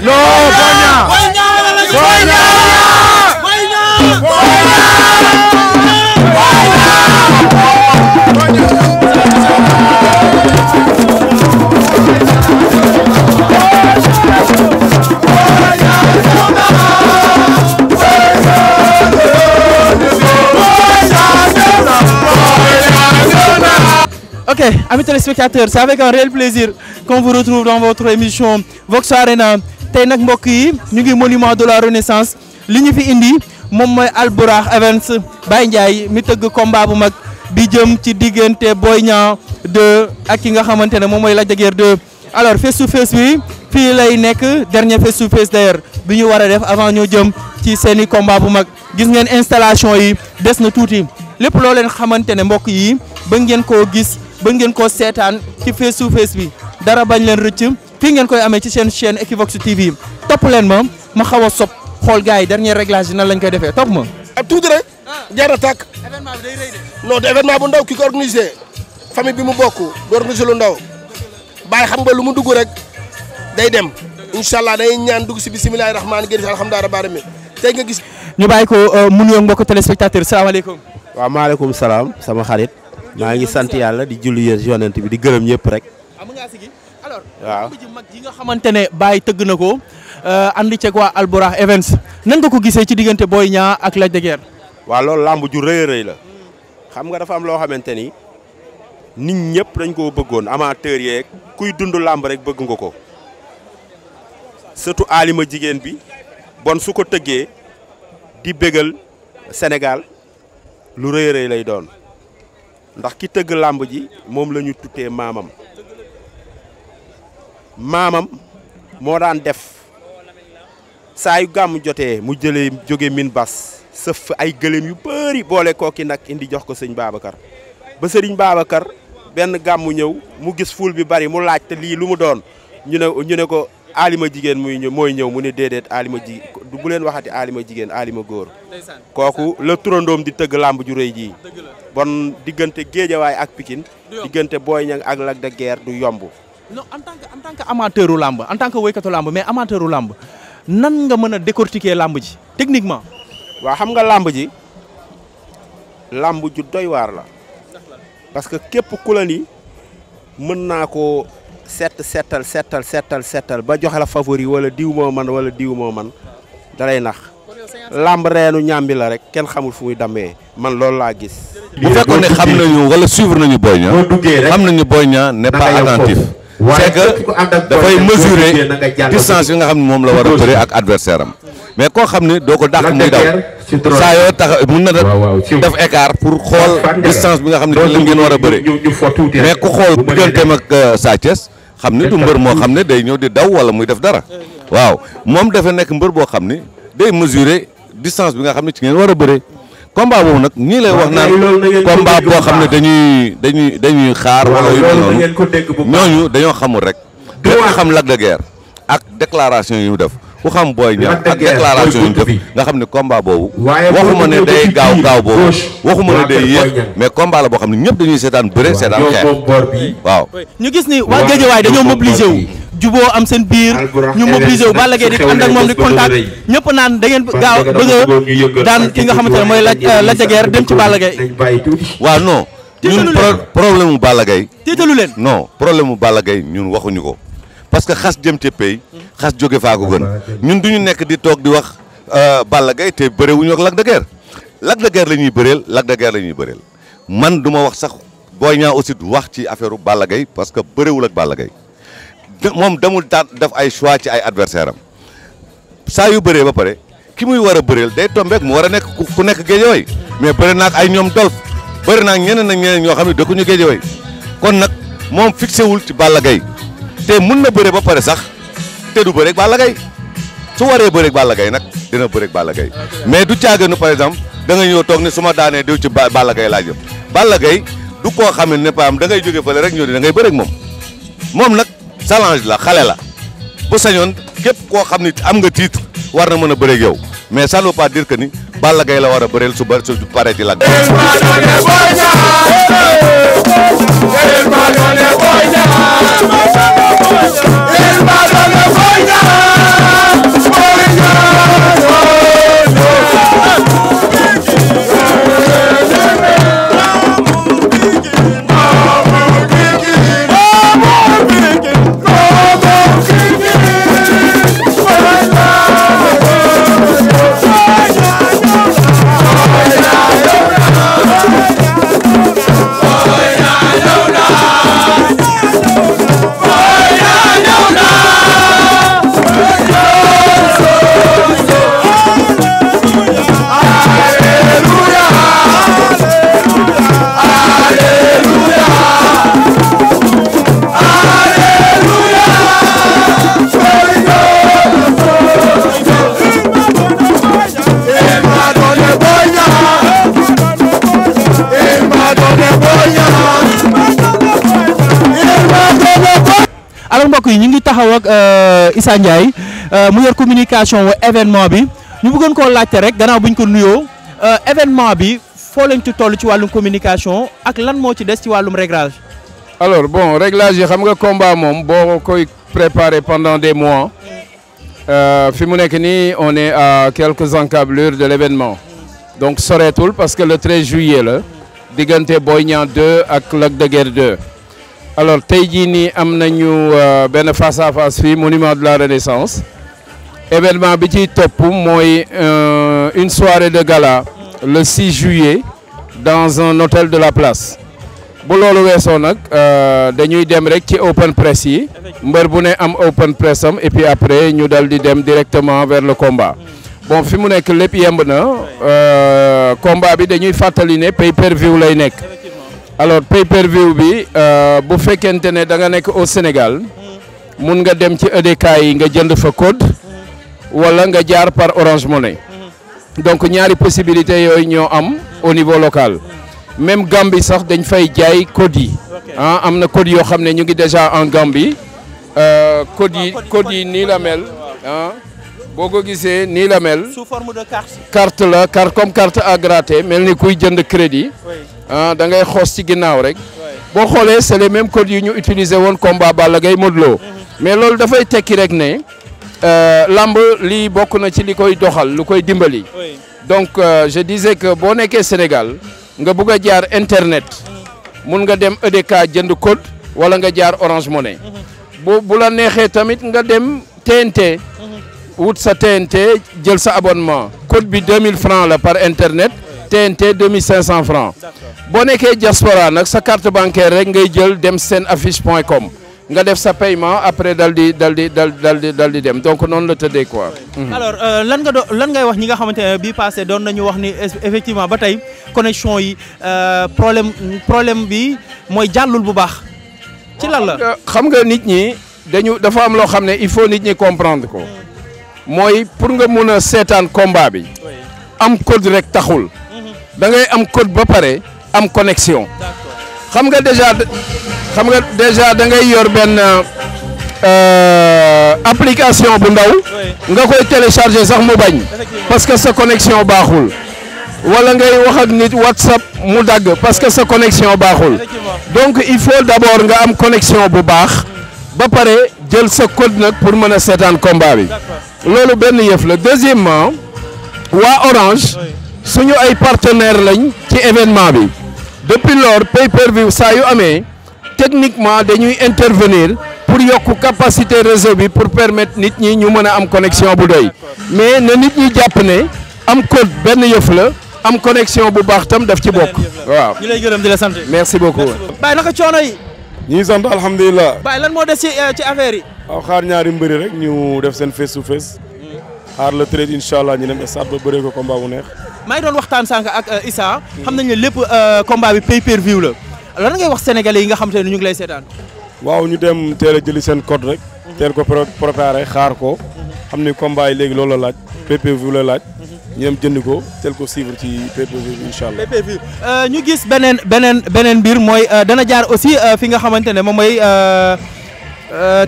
non Boy Niang Boy Niang Ok, amis téléspectateurs, c'est avec un réel plaisir qu'on vous retrouve dans votre émission Vox tey nag mbokk yi ñu ngi monument de la renaissance li ñu fi indi moom mooy Albourakh Events Baye Ndiaye mi tëgg combat bu mag bi jëm ci diggante Boy ñaa 2 ak ki nga xamante ne moom mooy Lac de Guiers alors face to face bi fii lay nekk dernier face to face d'ailleurs bi ñu war a def avant ñoo jëm ci seeni combat bu mag gis ngeen installation yi des na tuuti lépp loo leen xamante ne mbokk yi ba ngeen koo gis ba ngeen koo seetaan ci face to face bi dara bañ leen rëcc fii ngeen koy amee ci seen chaîne Equivox TV topp leen ma ma xaw a sob xool gars yi dernier réglage yi nan lañ koy defee topp ma. ak eh, tuuti rek. Ah. jar a tàkk. événement événement bu ndaw ki ko organisé famille bi mu bokk du organisé lu ndaw baay xam nga lu mu dugg rek day dem incha day ñaan dugg si bisimilah rahmaani génn si alhamdulilah rabbil alamin tey nga gis. ñu bàyyi ko euh, mu nuyoog mbokk téléspectateur salaamaaleykum. waaw maaleykum salaam sama xarit maa ngi sant yàlla di julli yéen bi di gërëm ñëpp rek. Ah, waaw ji mag yi nga xamante ne Baye tëgg na ko euh, andi ceeg waa Albourakh Events nan nga ko gisee ci diggante booy Niang ak Lac de Guiers. waaw làmb ju rëy rëy la xam nga dafa am loo xamante ni nit ñëpp dañ koo bëggoon amateur yeeg kuy dund làmb rek bëgg nga ko surtout alima jigéen bi bon su ko tëggee di bégal senegal lu rëy rëy lay doon ndax ki tëgg làmb ji moom la ñu tuddee maamam. maamam moo daan def saa yu jotee mu jëlee jóge min bas sëf ay gëléem yu bëri boole kooki nag indi jox ko sëñ Babacar ba sëriñ Babacar benn gàmmu ñëw mu gis ful bi bari mu laaj te lii lu mu doon ñu ne ne ko alima jigéen muy ñëw mooy ñëw mu ne déedéet alima ji bu leen waxati alima jigéen alima góor kooku la turandoom di tëgg làmb ju rëy jii bon diggante géejawaay ak Pikine diggante Boy Niang ak Lac de Guiers du yomb non en tant que en amateur làmb en tant que woykatu làmb mais amateur u làmb nan nga mën a décortiquer làmb ji techniquement. waa xam nga làmb ji làmb ju doy waar la. parce que képp ku la ni mën naa ko set setal setal setal setal ba joxe la favori wala diw moo man wala diw moo man dalay nax. làmb reenu ñàmbi la rek kenn xamul fu muy damee man loolu laa gis. bu fekkoon ne xam nañu wala suivre nañu Boy Niang. boo duggee rek xam nañu Boy ñaa ne pas attentif. c'est que dafay mesurer distance bi nga xam ne moom la war a bëri ak adversaire am mais koo xam ne doo ko dàq muy daw saa yoo tax mun na def écart pour xool distance bi nga xam ne ci la ngeen war a bëri mais ku xool digganteem ak euh, Sa Thiès xam ne du mbër moo xam ne day ñëw di daw wala muy def dara waaw moom dafa nekk mbër boo xam ne day mesurer distance bi nga xam ne ci ngeen war a bëri combat boobu nag nii lay wax naan combat boo xam ne dañuy dañuy dañuy xaar wala yu mel noonu ñooñu dañoo xamul rek dañoo xam Lac de Guiers ak déclaration yu def ku xam Boy Niang ak déclaration yu def nga xam ne combat boobu waxuma ne day gaaw gaaw boobu waxuma ne day yéex mais combat la boo xam ne ñëpp dañuy seetaan bëre seetaan xeex waaw ñu gis ni waa Guédiawaye dañoo mobilisé wu juboo am seen biir ñu mobilisé wu Balla Gaye di ànd ak moom di contact ñëpp naan da ngeen gaaw daan ki nga xamante ne mooy la la jageer dem ci Balla Gaye waaw non ñun problème mu Balla Gaye tiitalu leen no problème mu Balla Gaye ñun waxuñu ko parce que xas jëm ca pay xas jóge faa ko gën ñun duñu nekk di toog di wax euh, Balla Gaye te bëre wuñu ak Lac de Guiers Lac de Guiers la ñuy bëreel Lac de la man du ma wax sax booy Niang aussi du wax ci affaire u Balla Gaye parce que bëreewul ak Balla Gaye moom demul daal def ay choix ci ay adversaire am saa yu bëree ba pare ki muy war a bëreel day tombeek mu war a nekk ku nekk géejaway mais bëri naag ay ñoom dolf bëri naag ñeneen ak ñeneen ñoo xam ne ñu géejaway kon nag moom fixé wul ci Balla Gaye te mun na bëre ba pare sax te du bëreeg Balla Gaye su waree bëreeg Balla Gaye nag dina bëreeg Balla Gaye mais du caaganu par exemple da nga ñëw toog ni su ma daanee diw ci Balla Gaye laa jëm Balla Gaye du koo xam ne ne da ngay jóge fële rek ñëw da ngay bëreeg moom moom nag. challenge la xale la bu sañoon képp koo xam ni am nga tiit war na mën a bëreeg yow mais ça ne veut pas dire que ni Balla Gaye la war a bëreel su su paree ci la. mbokk yi ñu ngi taxaw ak euh, Issa Ndiaye euh, mu communication wa événement bi ñu bëggoon koo laajte rek gannaaw bu ko nuyoo euh, événement bi foo leen ci toll ci wàllum communication ak lan moo ci des ci wàllum réglage. alors bon réglage yi xam nga combat moom boo koy préparé pendant des mois fi mu nekk ni on est à quelques encablures de l'événement donc soreetul parce que le 13 juillet la diggante booy Niang ak Lac de Guiers 2. alors tey jii nii am nañu euh, benn face à face fii monument de la renaissance événement bi ciy topp mooy euh, une soirée de gala le 6 juillet dans un hôtel de la place bu loolu weesoo nag euh, dañuy dem rek ci open press yi mbër bu ne am open press am et puis après ñu dal di dem directement vers le combat bon fi mu nekk lépp yemb na combat bi dañuy fàttali ne pay per view lay nekk. alors pay-per-view bi euh, bu fekkente ne da nga nekk au Sénégal mm. mun nga dem ci EDK yi nga jënd fa code mm. wala nga jaar par Orange Money mm. donc ñaari possibilité yooyu ñoo am au niveau local même Gambie sax dañ fay jaay code yi ah, am na code yoo xam ne ñu ngi déjà en Gambie euh, ah, code yi code yi nii la mel ah, boo ko gisee nii la mel sous forme carte la carte comme carte à gratter mel ni kuy jënd crédit ah da ngay xoos ci ginnaaw rek boo xoolee c'est les code yu ñu utilisé woon combat Balla Gaye Modou Lo mais loolu dafay tekki rek ne euh, lamb lii bokk na ci li koy doxal lu koy dimbali donc euh, je disais que boo nekkee Sénégal nga bugg a jaar internet mun nga dem EDK jënd code wala nga jaar Orange Money bu bu la neexee tamit nga dem TNT mhm. wut sa TNT jël sa abonnement code bi 2000 francs la par internet te TNT 2500 francs boo nekkee diaspora nag sa carte bancaire rek ngay jël dem seen affiche point com nga def sa paiement après dal di dal di dal di dal di dem donc noonu la tëddee quoi. Hmm. alors euh, lan nga doon lan ngay wax ñi nga xamante ne bii passé doon nañu wax ni effectivement ba tey connexion yi euh, problème problème bi mooy jàllul bu baax. ci lan la xam nga nit ñi dañu dafa am loo xam ne il faut nit ñi comprendre ko hmm. mooy pour nga mun a seetaan combat bi am code rek taxul. da ngay am code ba pare am connexion. xam nga déjà xam nga déjà da ngay yor benn euh, application bu ndaw. nga koy télécharger sax mu bañ. parce que sa connexion baaxul. wala ngay wax ak nit WhatsApp mu dagg parce que sa connexion baaxul. donc il faut d'abord nga am connexion bu baax. ba pare jël sa code nag pour mën a seetaan combat bi. loolu benn yëf la deuxièmement waa Orange. suñu ay partenaire lañ ci événement bi depuis lors pay per view saa yu amee techniquement dañuy intervenir pour yokk capacité réseau bi pour permettre nit ñi ñu mën a am connexion bu doy mais ne nit ñu jàpp ne am code benn yëf la am connexion bu baax tam daf ci bokk. waaw ñu lay gërëm di la sant. merci beaucoup. Baye naka coono yi. ñu ngi sant alhamdulilah. Baye lan moo des ci euh, ci affaire yi. waaw xaar ñaari mbëri rek ñu def seen face to face. Hmm. xaar le trade incha ñu dem stade ba bëree ko combat bu neex. maa ngi doon waxtaan sànq ak euh, Issa xam nañ ne lépp euh, combat bi pay per view la lan ngay wax sénégalais yi nga xam te ne ñu ngi lay seetaan. waaw ñu dem teel a jëli seen code rek. Mhm. teel ko préparé xaar ko. Mhm. xam ni combat léegi loolu laaj. Mhm. pay laaj. ñu dem ko teel ko suivre ci pay per view incha allah. pay euh, ñu gis beneen beneen beneen mbir mooy dana jaar aussi fi nga xamante ne moom mooy.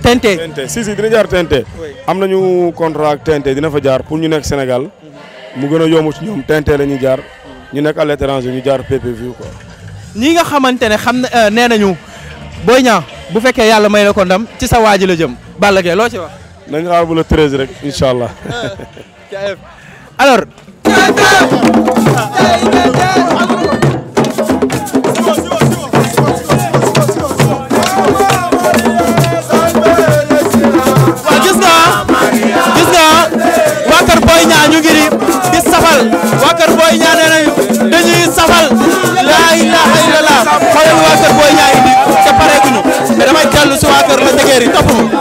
Tente. Tente si si dina jaar Tente. am nañu contrat ak Tente dina fa jaar pour ñu nekk Sénégal. mu gën a yomb ci ñoom TNT la ñuy jaar ñu nekk à l'étranger ñu jaar PPV quoi. ñi nga xamante ne xam na euh, nee nañu Boy Niang bu fekkee yàlla may na ko ndam ci sa waaji la jëm Balla Gaye loo ci wax. nañu xaar bu la treize rek incha allah. Ah, alors. topp ma